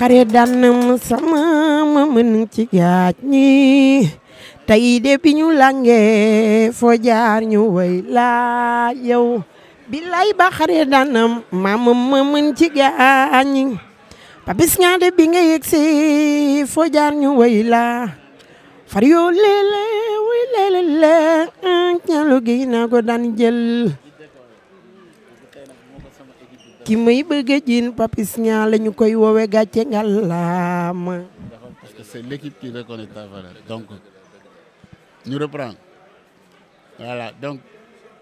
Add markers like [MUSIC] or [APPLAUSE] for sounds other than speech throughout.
xare danam sama ma mën ci gaaj ñi tey de bi lange fo jaar ñu way laa yow ba xare danam mama ma mën ci gaaj ñi papis nga de bi nga yegsi fo jaar ñu way laa far leele way leele le daan jël ki muy bëgg a jiin papis ñaa la ñu koy woowe gàcce ngalaama. parce que c'est l'équipe qui reconnaît ta valeur donc ñu reprend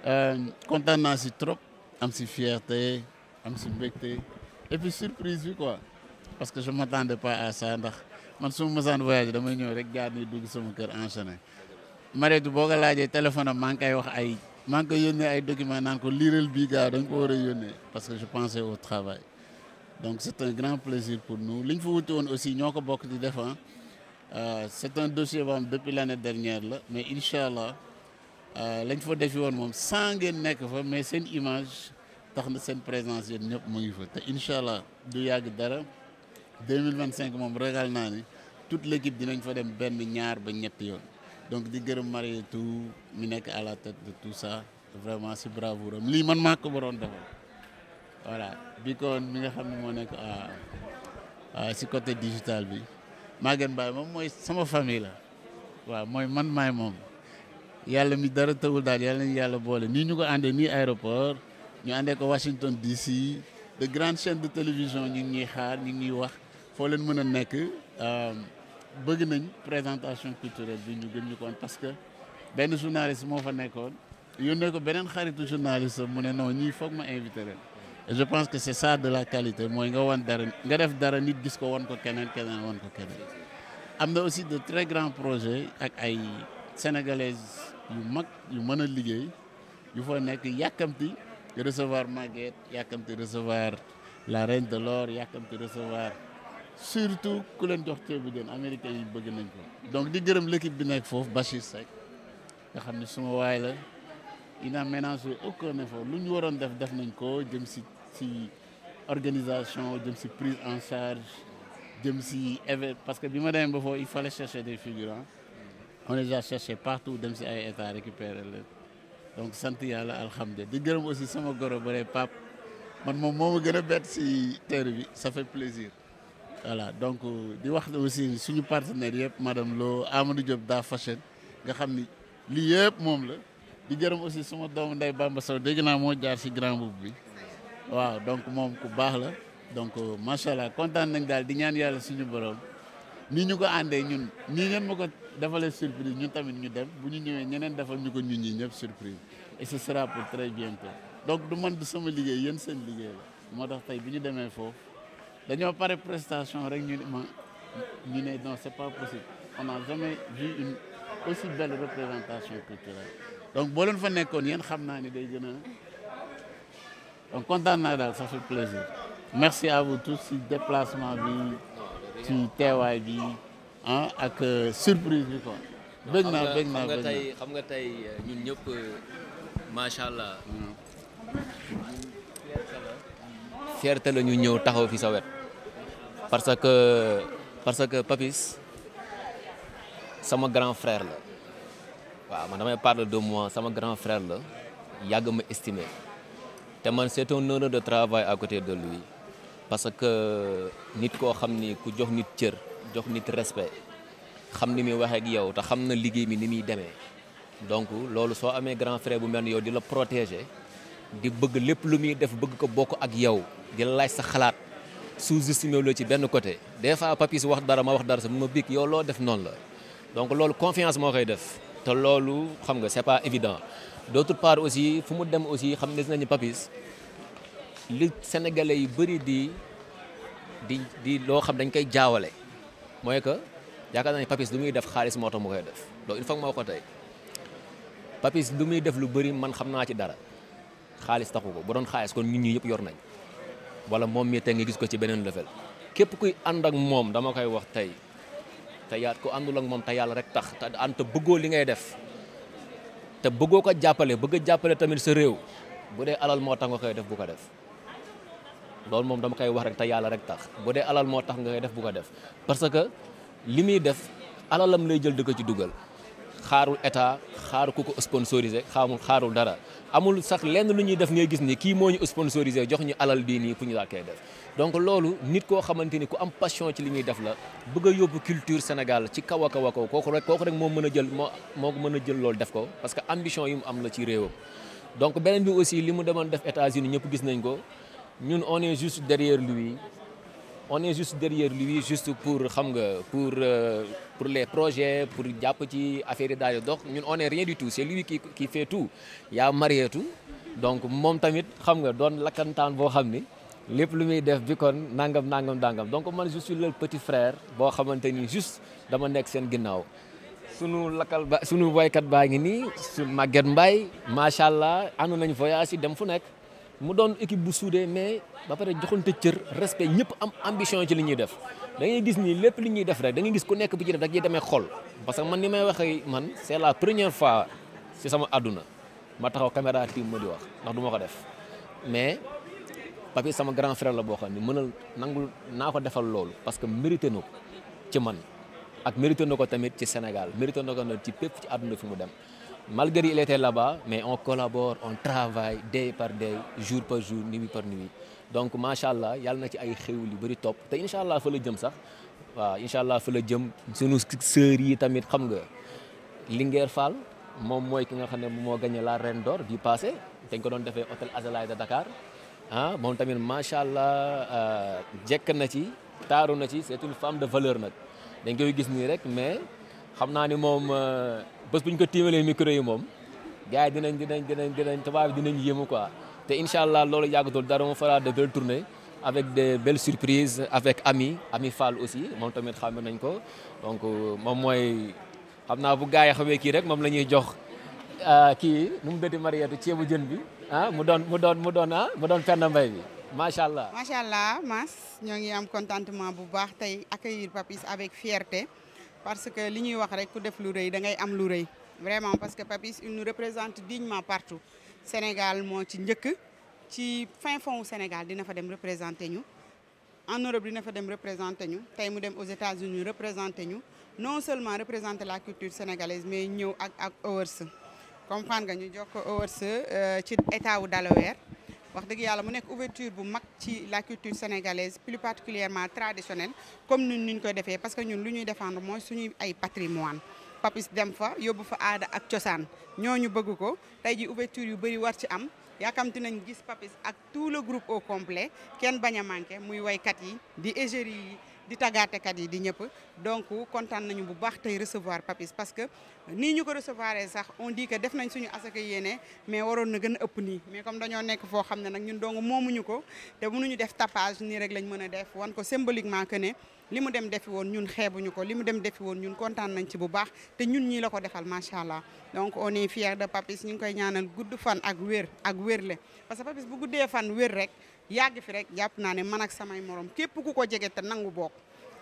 euh, si trop am si fierté am si mbégte et puis surprise bi quoi parce que je m'attendais pas à ça ndax man su ma mësaan voyage damay ñëw rek gaar ni dugg sama kër enchaîné boo ko laajee téléphone am maa ngi koy wax ay maa ngi koy yónnee ay documents naan ko liiral bii gars dañ ko war a yónnee parce que je pense au travail donc c' est un grand plaisir pour nous li ñu fa wuti woon aussi ñoo ko bokk di def euh, c' est un dossier boo xam depuis l' année dernière la mais incha allah euh, lañ foo defi woon moom sans ngeen nekk fa mais seen image tax na seen présence yéen ñëpp mu ngi fa te incha allah du yàgg dara 2025 moom ragal naa ni toute l' dinañ fa dem benn ñaar ba ñetti yoon. donc di gërëm Marietou mi nekk à la tête de tout ça vraiment si bravoure am lii man maa ko waroon defal voilà bi kon mi nga xam ne moo nekk si côté digital bi Maguette Mbaye moom mooy sama famille la waaw mooy man maay moom yàlla mi dara tawul daal yàlla nañu yàlla boole nii ñu ko àndee nii aéroport ñu àndee ko Washington DC de grandes chaînes de télévision ñu ngi ñuy xaar ñu ngi wax foo leen mën a nekk. Euh, bëgg nañ présentation culturelle bi ñu gën ñu koon parce que benn journaliste moo fa nekkoon yónnee ko beneen xaritu journaliste mu ne non ñii foog ma invité leen je pense que c'est ça de la qualité mooy nga wan dara nga def dara nit gis ko wan ko keneen keneen wan ko keneen am na aussi de très grands projets ak ay sénégalaises yu mag yu mën a liggéey yu fa nekk yàkkamti recevoir Maguette yàkkamti recevoir la reine de l'or yàkkamti recevoir surtout ku leen jox ceebu jën américain yi bëgg nañ ko donc di gërëm l'équipe bi nekk foofu Bachir Seck nga xam ne suma waay la il n'a ménagé aucun effort lu ñu waroon def def nañ ko jëm si si organisation jëm si prise en charge jëm si évén parce que bi ma demee ba foofu il fallait chercher des figurants on les a cherché partout dem si ay état récupérer leen donc sant yàlla alhamdulilah di gërëm aussi sama goro bare pap man moom moo ma gën a bett si terre bi ça fait voilà donc di wax aussi suñu partenaire yëpp madame Lo Amadou Diop daa fashion nga xam ni lii yëpp moom la di gërëm aussi suma doomu ndey Bamba Sow dégg naa moo jaar si grand boub bi waaw donc moom ku baax la donc euh, macha allah kontaan nañ daal di ñaan yàlla suñu borom nii ñu ko àndee ñun nii ngeen ma ko defalee surprise ñun tamit ñu dem bu ñu ñëwee ñeneen defal ñu ko ñu ñi ñëpp surprise et ce sera pour très bientôt donc du man du sama liggéey yéen seen liggéey la moo dañoo pare prestation rek ñu ne ma ñu ne non c'est pas possible on n'a jamais vu une aussi belle représentation culturelle donc boo leen fa nekkoon yéen xam naa ni day gën a donc kontaan naa daal ça plaisir merci à vous tous ci déplacement bi ci teewaay bi ah ak euh, surprise bi quoi. bëgg naa bëgg xam nga tey euh, ñun ñëpp euh, macha allah. Hmm. fierté la ñëw taxaw fi sa wet. parce que parce que Papis sama grand frère la waaw man damay parler de moi sama grand frère la yàgg ma estimé te man c'est un de travail à côté de lui parce que nit koo xam ni ku jox nit cër jox nit respect xam ni muy waxee ak yow te xam na liggéey mi ni muy demee donc loolu soo amee grand frère bu mel ni yow di la protéger di bëgg lépp lu muy def bëgg ko bokk ak yow di la laaj sa xalaat. sous-estimé loo ci benn côté des fois Papis wax dara ma wax dara sa ma bik yow loo def noonu la donc loolu confiance moo koy def te loolu xam nga c'est pas évident d'autre part aussi fu mu dem aussi xam ne dinañu Papis li sénégalais yu bëri di di di loo xam dañ koy jaawale mooy que yaakaar naa Papis lu muy def xaalis moo tax mu koy def loolu il faut moo ko tey Papis lu muy def lu bëri man xam naa ci dara xaalis taxu ko bu doon xaalis kon ñun ñii yëpp yor nañ wala moom mii tey nga gis ko ci beneen level képp kuy ànd ak moom dama koy wax tey te yaa ku àndul ak moom te yàlla rek tax te ànd te bëggoo li ngay def te bëggoo ko jàppale bëgg jàppale tamit sa réew bu dee alal moo tax koy def bu ko def loolu moom dama koy wax rek te yàlla rek tax bu dee alal moo tax nga koy def bu ko def parce que li muy def alalam lay jël di ko ci dugal. xaarul état xaaru ku ko sponsorisé xaamul xaarul dara amul sax lenn lu ñuy def ngay gis ni kii moo ñu sponsorisé jox ñu alal bii nii pour ñu laa def donc loolu nit koo xamante ni ku am passion ci li ñuy def la bëgg a yóbbu culture Sénégal ci kawa a kaw a kooku rek kooku rek moo mën a jël moo moo mën a jël loolu def ko parce que ambition yi mu am la ci réewam donc beneen bi aussi li mu demoon def États-Unis ñëpp gis nañ ko ñun on est juste derrière lui on est juste derrière lui juste pour xam nga pour euh, pour les projets pour jàpp ci affaire yi daal dox ñun on est rien du tout c'est lui qui qui fait tout yaa marietu donc moom tamit xam nga doon lakkantaan boo xam ni lépp lu muy def bi kon nangam nangam nangam donc man je suis le petit frère boo xamante ni juste dama nekk seen ginnaaw. sunu lakkal ba sunu waykat baa ngi nii su Maguette Mbaye macha allah ànd nañu voyage yi dem fu nekk. mu doon équipe bu suudee mais ba pare joxante cër respect ñëpp am ambition ci li ñuy def da ngay gis nii lépp li ñuy def rek dangay gis ku nekk bi ci def rek yi demee xol parce que man ni may waxee man c'est la première fois si sama àdduna ma taxaw caméra tiim ma di wax ndax du ma ko def mais Papis sama grand frère la boo xam ne mënal nangul naa ko defal loolu parce que mérité na ko ci man ak mérité na ko tamit ci Sénégal mérité na ko ci pépp ci àdduna fi mu dem malgré il était là-bas mais on collabore on travaille day par day jour par jour nuit par nuit donc macha allah yàlla na ci ay xéwal yu bëri topp te incha allah fa la jëm sax waaw incha allah fa la jëm sunu sœurs yi tamit xam nga Linguère Fall moom mooy ki nga xam ne moo gagné la Reine d'or bi passé dañ ko doon defee hôtel Azalaï de Dakar ah, moom tamit macha allah euh, jekk na ci taaru na ci c'est une femme de valeur nag dañ koy gis nii rek mais xam naa ni moom. Euh, bés bu ñu ko tiimalee micro yi moom gars yi dinañ dinañ dinañ dinañ tubaab bi dinañ yéemu te incha allah loolu yàggatul dara mu fara de belles tournées avec des belles surprises avec Ami Ami Fall aussi moom tamit xam nañ ko donc euh, moom mooy xam naa bu gars yi xamee kii rek moom la ñuy jox euh, kii nu mu bëti Mariétou ceebu jën bi ah mu doon mu doon mu doon ah mu doon fenn mbay bi macha allah. macha allah Mass ñoo ngi am contentement bu baax tey accueillir Papis avec fierté. parce que li ñuy wax rek ku def lu rëy da ngay am lu rey vraiment parce que Papis il nous représente dignement partout Sénégal moo ci njëkk ci fin fond Sénégal dina fa dem représenté ñu en Europe dina fa dem représenté ñu tey mu dem aux États-Unis représenté ñu non seulement représenté la culture sénégalaise mais ñëw ak ak ORSE comprendre nga ñu jox ko ORSE euh, ci état wu Delaware wax dëgg yàlla mu nekk ouverture bu mag ci la culture sénégalaise plus particulièrement traditionnelle comme ñun ñu koy defee parce que ñun lu ñuy défendre mooy suñuy ay patrimoine papis dem fa yóbbu fa aada ak cosaan ñooñu bëgg ko tey ji ouverture yu bëri war ci am yaakamti nañ gis papis ak tout le groupe au complet kenn bañ a manqué muy waykat yi di égérie yi di kat yi di ñëpp donc kontaan nañu bu baax tey recevoir Papis parce que nii ñu ko recevoir sax on dit que def nañ suñu asaka yéene mais waroon na gën a ëpp nii mais comme dañoo nekk foo xam ne nag ñun dong moomuñu ko te ñu def tapage nii rek lañ mën a def wan ko symboliquement que ne li mu dem defi woon ñun xeebuñu ko li mu dem defi woon ñun kontaan nañ ci bu baax te ñun ñii la ko defal macha allah donc on est fier de Papis ñu ngi koy ñaanal gudd fan ak wér ak wér le parce que Papis bu rek yàgg fi rek jàpp naa ne man ak samay moroom képp ku ko jege te nangu bokk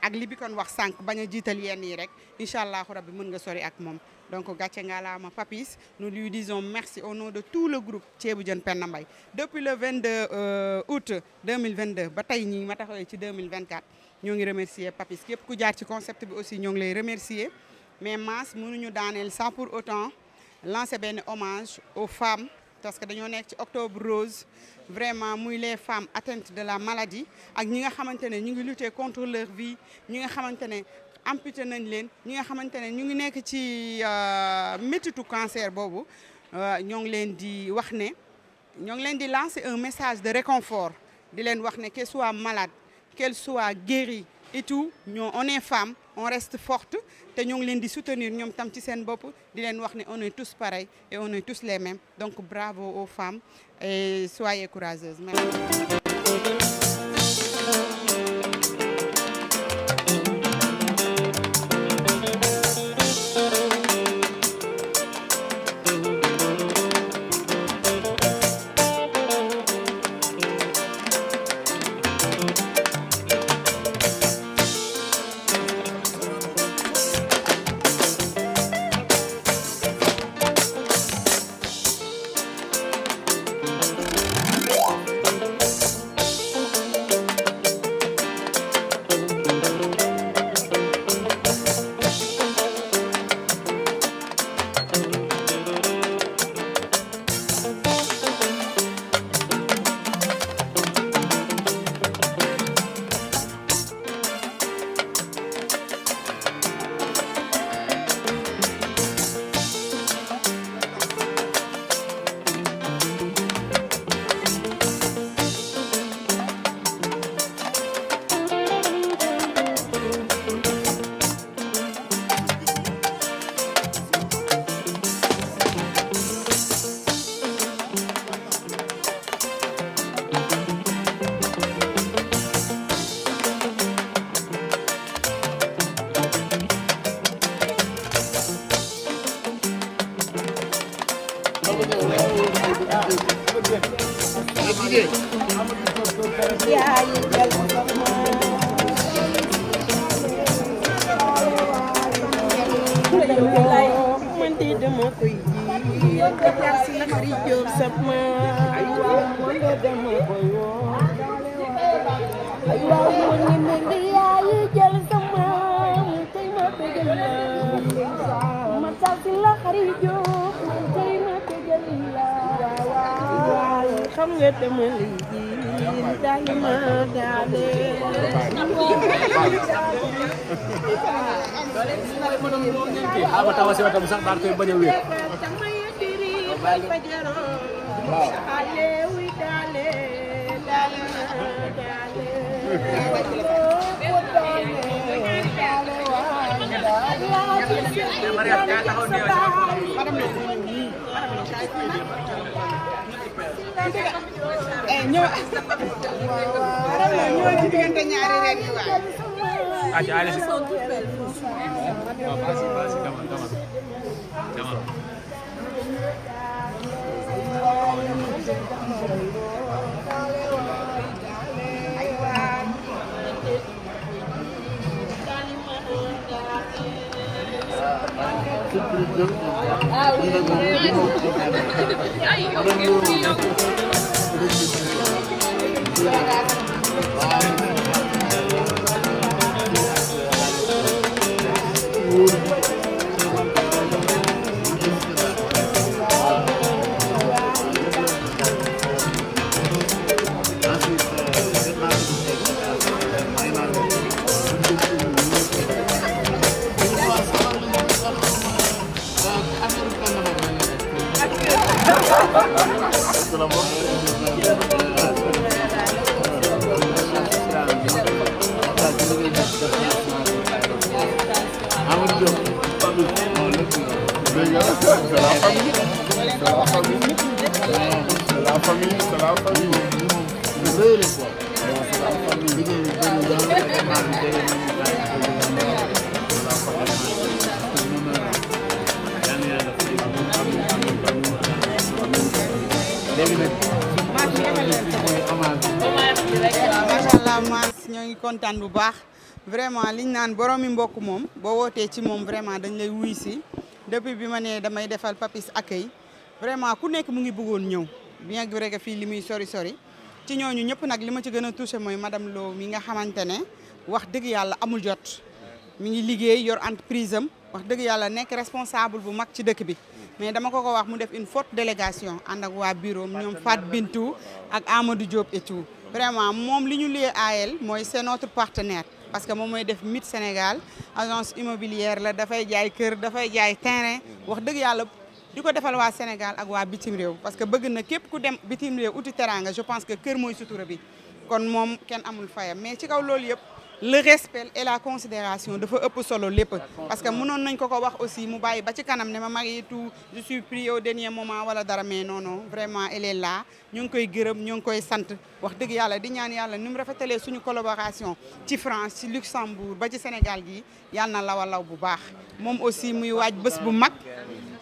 ak li kon wax sànq bañ a jiital yenn yi rek incha allahu rabbi mën nga sori ak moom donc gàcce nga laa ma Papis nous lui disons merci au nom de tout le groupe Ceebu Jën Penda Mbaye depuis le 22 euh, août 2022 ba tey ñi ma taxawee ci 2024 ñoo ngi remercier Papis képp ku jaar ci concept bi aussi ñoo ngi lay remercier mais Mass mënuñu daaneel sans pour autant lancer benn hommage aux femmes parce que dañoo nekk ci octobre rose vraiment muy les femmes attente de la maladie ak ñi nga xamante ne ñu ngi lutter contre leur vie ñi nga xamante ne amputé nañ leen ñi nga xamante ne ñu ngi nekk ci euh, métitu cancer boobu euh, ñoo ngi leen di wax ne ñoo ngi leen di lancer un message de réconfort di leen wax ne qu'elle soit malade qu'elle soit guérie et tout ñoo on est femme on reste forte te ñoo ngi leen di soutenir ñoom tam ci seen bopp di leen wax ne on est tous pareils et on est tous les mêmes donc bravo aux femmes e soyez courageuses. Merci. liggéey. nga demal liggéey daal ma daale. waaw taw si wetam sax daal koy bañ a wér. waaw. Eh, ci diggante ñaari rek yi waaw. aca allez-y. waaw vas-y vas-y dama dama dama. Ah oui. c'est la famille ñoo ngi kontaan bu baax vraiment liñ naan boroomi mbokk moom boo wootee ci moom vraiment dañ lay wuy si depuis bi ma nee damay defal papis accueil vraiment ku nekk mu ngi bëggoon ñëw bien vrai que fii li muy sori sori ci ñooñu ñëpp nag li ma ci gën a touché mooy madame Lo mi nga xamante ne wax dëgg yàlla amul jot mi ngi liggéey yor entreprise am wax dëgg yàlla nekk responsable bu mag ci dëkk bi mais dama ko ko wax mu def une forte délégation ànd ak waa bureau ñoom Fat Bintou ak Amadou Diop et tout vraiment moom li ñu lié à mooy c'est partenaire parce que moom mooy def MIT Sénégal agence immobilière la dafay jaay kër dafay jaay terrain wax dëgg yàlla di ko defal waa Sénégal ak waa bitim réew parce que bëgg na képp ku dem bitim réew uti teraanga je pense que kër mooy sutura bi kon moom kenn amul fayam mais ci kaw loolu yëpp le respect et la considération dafa ëpp solo lépp parce que mënoon nañ ko ko wax aussi mu bàyyi ba ci kanam ne ma marie tout je suis pris au dernier moment wala dara mais non non vraiment elle est là ñu ngi koy gërëm ñu ngi koy sant wax dëgg yàlla di ñaan yàlla ni mu rafetalee suñu collaboration ci France ci Luxembourg ba ci Sénégal gi yàlla na lawalaw bu baax moom muy waaj bés bu mag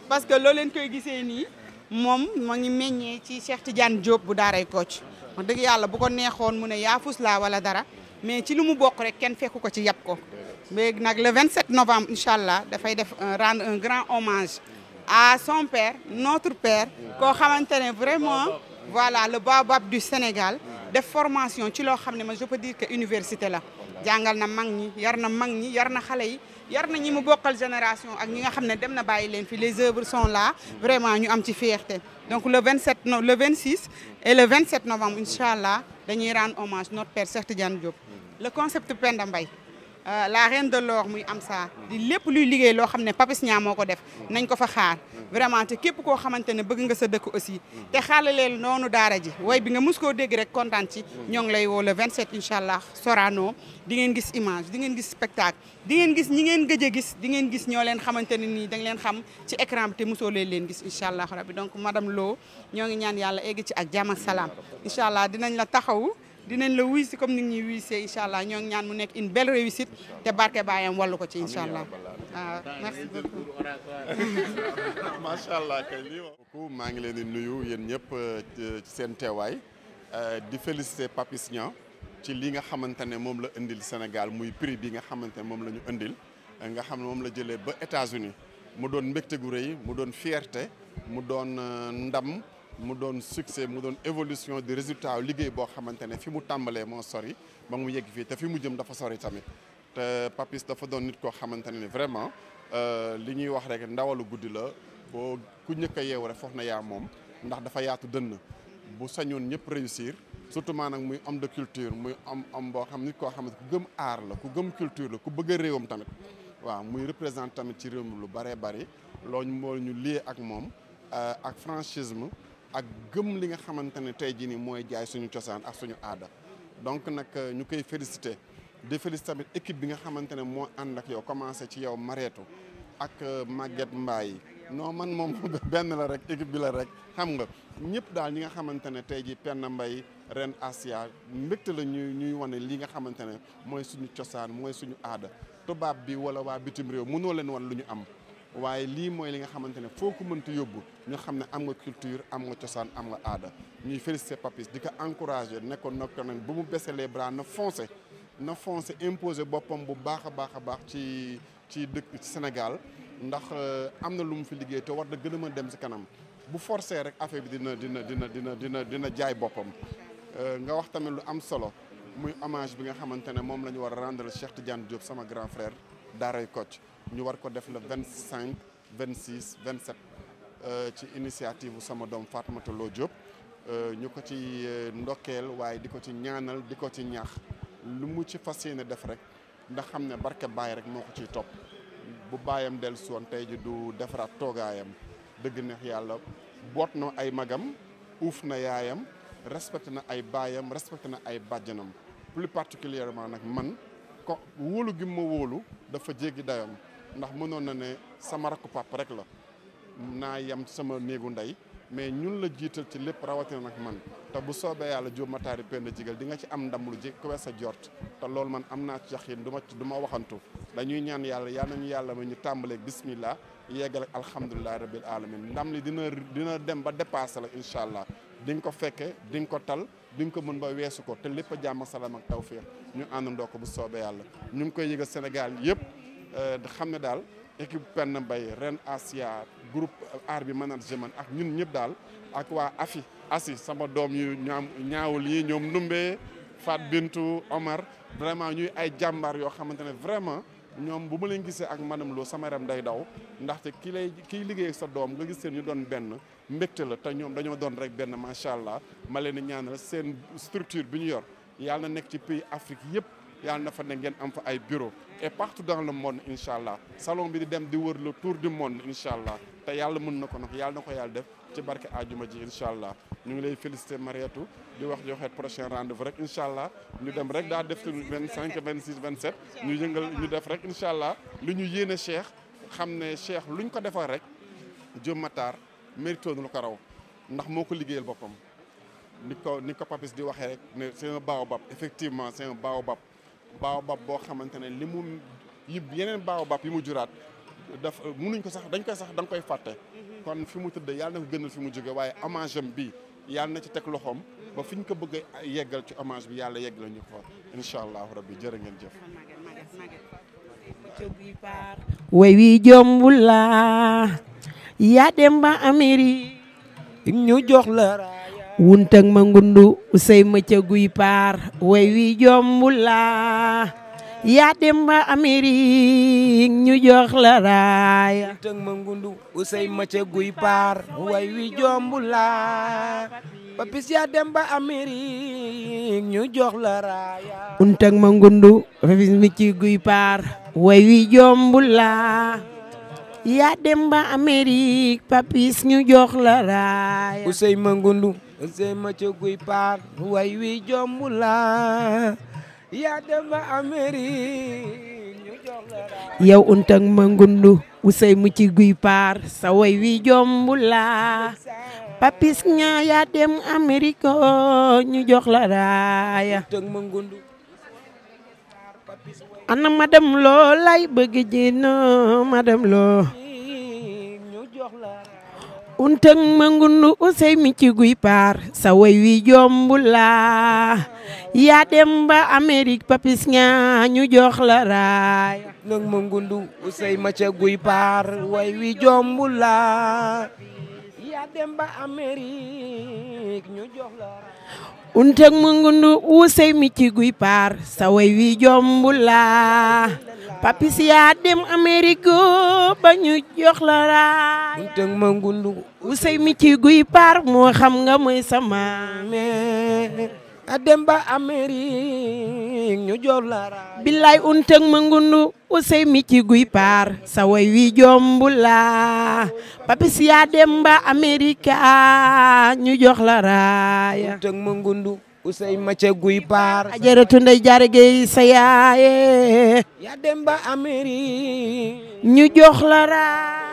parce que loo leen koy gisee nii moom ma ngi meññee ci Cheikh Tidiane Diop bu daaray Kocc wax dëgg yàlla bu neexoon mu ne yaafus la wala dara mais ci lu mu bokk rek kenn fekku ko ci yàpp ko léegi nag le 27 novembre incha allah dafay def euh, rendre un grand hommage à son père notre père koo xamante ne vraiment voilà le baobab du Sénégal def formation ci loo xam ne ma je peux dire que université la jàngal na mag ñi yar na mag ñi yar na xale yi yar na ñi mu bokkal génération ak ñi nga xam ne dem na bàyyi leen fi les œuvres sont la vraiment ñu am ci fierté donc le 27 no le 26 et le 27 novembre incha allah dañuy rendre hommage notre père Cheikh Tidiane Diop le concept Penda mbay Euh, la reine de l'or muy Amsa di lépp luy liggéey loo xam ne Papis Niang moo ko def nañ ko fa xaar vraiment te képp koo xamante ne bëgg nga sa dëkk aussi te xaalaleel noonu daara ji way bi nga mus koo dégg rek kontaan ci ñoo ngi lay woo le 27 incha allah Sorano di ngeen gis image di ngeen gis spectacle di ngeen gis ñi ngeen gëj a gis di ngeen gis ñoo leen xamante ne nii da leen xam ci écran bi te mosoo leen leen gis incha allah rabbi donc madame Lo ñoo ngi ñaan yàlla egg ci ak jàmm salaam incha allah dinañ la taxaw dinañ la wuy si comme ni ñuy wuy see incha allah ñoo ngi ñaan mu nekk une belle réussite te barke baayam wallu ko ci incha allah waaw ah, merci beaucoup [LAUGHS] macha allah kay maa ngi leen di nuyu yéen ñëpp euh, ci seen teewaay euh, di féliciter Papis ci li nga xamante ne moom la indil Sénégal muy prix bi nga xamante ne moom la ñu indil euh, nga xam ne moom la jëlee ba États-Unis mu doon mbégte gu rëy mu doon fierté mu doon ndam mu doon succès mu doon évolution di résultat liggéey boo xamante ne fi mu tàmbalee moo sori ba mu yegg fii te fi mu jëm dafa sori tamit te Papis dafa doon nit koo xamante ne vraiment euh, li ñuy wax rek ndawalu guddi la boo ku ñëkk a yeew rek foog na yaa moom ndax dafa yaatu dënn bu sañoon ñëpp réussir surtout nag muy homme de culture muy homme homme boo xam nit koo xam ku gëm aar la ku gëm culture la ku bëgg a réewam tamit waaw muy représente tamit ci réew mi lu bëree bëri loolu moo ñu lié ak moom euh, ak franchisme ak gëm li nga xamante ne tey jii nii mooy jaay suñu cosaan ak suñu aada donc nag euh, ñu koy félicité di félicité tamit équipe bi nga xamante ne moo ànd ak yow commencé ci yow Mareetu ak euh, Maguette Mbaye non man moom [LAUGHS] benn la rek équipe bi la rek xam nga ñëpp daal ñi nga xamante ne tey jii Penda Mbaye ren Asia mbégte la ñuy ñuy wane li nga xamante ne mooy suñu cosaan mooy suñu aada tubaab bi wala waa bitim réew mënoo leen wan lu ñu am waaye lii mooy li nga xamante ne foo ko mënti yóbbu ñu xam ne am nga culture am nga cosaan am nga aada ñuy féliciter Papis di ko encourager nekkoon ko nag bu mu baisser les bras na foncer na foncer boppam bu baax a baax a baax ci ci dëkk ci Sénégal ndax euh, am na lu mu fi liggéey te war na gën a mën dem si kanam bu forcer rek affaire bi dina dina dina dina dina dina jaay boppam euh, nga wax tamit lu am solo muy hommage bi nga xamante ne moom la ñu war a rendre Cheikh Tidiane job sama grand Daaray Kocc ñu war ko def le vingt cinq vingt six vingt sept euh, ci initiative bu sama doom Fatoumata Lo Diop euh, ñu ko ci euh, ndokkeel waaye di ko ci ñaanal di ko ci ñaax lu mu ci fas yéene def rek ndax xam ne barke baay rek moo ko ciy topp bu baayam dellu si tey ji du defaraat toogaayam dëgg neex yàlla boot na ay magam uuf na yaayam respecté na ay baayam respecté na ay bàjjanam plus particulièrement nag man ko wóolu gi ma wóolu dafa jéggi dayam ndax mënoon na ne sama rakku papa rek la naa yem sama néegu ndey mais ñun la jiital ci lépp rawatina nag man te bu soobee yàlla Diop Matar Penda Jigal di nga ci am ndam lu ji ku sa jort te loolu man am naa ci yaqin du ma du ma waxantu dañuy ñaan yàlla yal nañu yàlla ma ñu tàmbaleeg bismillah yeggal ak alhamdulilah rabil alamin ndam li dina dina dem ba dépassé la incha allah di nga ko fekke di nga ko tal di nga ko mën ba weesu ko te lépp a jàmm salaam ak tawfiq ñu àndandoo ko bu soobee yàlla ñu ngi koy yëgal Sénégal yëpp. Euh, xam ne daal équipe Penda Mbaye Ren Asia groupe aar bi management ak ñun ñëpp daal ak waa AFI ASI sama doom yu ñaam ñaawul yi ñoom Ndumbé faat Bintu Omar vraiment ñuy ay jàmbaar yoo xamante ne vraiment ñoom bu ma leen gisee ak madame Lo sama rem day daw ndaxte ki lay kiy liggéey sa doom nga gis seen ñu doon benn mbégte la te ñoom dañoo doon rek benn macha allah ma leen di ñaanal seen structure bi ñu yor yàlla na nekk ci pays Afrique yëpp. yàlla na fa ne ngeen am fa ay bureau et partout dans le monde incha allah salon bi di dem di wër le tour du monde incha allah te yàlla mën na ko nag yàlla na ko yàlla def ci barke ajuma ji incha allah ñu ngi lay féliciter Mariétou di wax joxe prochain rendez-vous rek incha allah ñu dem rek daa def vingt cinq vingt six vingt sept ñu yëngal ñu def rek incha allah lu ñu yéene Cheikh xam ne lu luñ ko defal rek Diop Matar méritoon lu ko raw ndax moo ko liggéeyal boppam ni ko ni ko papis di waxee rek ne c'est un baobab effectivement c'est un baobab baobab boo xamante ne li mu yi yeneen baobab yi mu juraat daf munuñ ko sax dañ koy sax da koy fàtte. kon fi mu tëdd yàlla na ko gënal fi mu jóge waaye hommage bi bii na ci teg loxoom. ba fi ñu ko bëgg a yeggal ci hommage bi yàlla yegg la ñu ko incha allahu rabbi jërë ngeen jëf. way wi jombul la yaa ba Amérique ñu jox wuntag ma ngundu usey mëcca guy paar way wi jombula yaa demba la raaya wuntag ma guy paar way wi jombula papis yaa demba Amérique ma ngundu papis mëcca guy paar way wi jombula yaa ñu jox la raaya usey ma ngundu sey ma ca guy ma ngundu usey mu ci guy paar sa way wi jombu la papis ña yaa dem Amérique ñu jox la raaya ana madame loo lay bëgg ji loo untang mangundu usey mi ci guy paar sa way wi jombula yaa dem ba Amérique papis nga ñu jox la raay nag mangundu usey ma ca guy paar way wi jombula yaa dem ba Amérique ñu jox la raay untak mungundu uusey mi ci guy paar sa way wi jombula papis yaa dem Amerigo ba ñu jox la raay untak mungundu uusey mi guy paar moo xam nga moy sama maam a demba Amérique ñu joor la billaay untëg ma ngundu usey mi ci guy paar sa way wi jombula papis yaa demba Amérique ñu jox la raaya untëg ma ngundu usey ma ca guy paar ajaratu ndey jaare gey sa yaaye ñu jox la raaya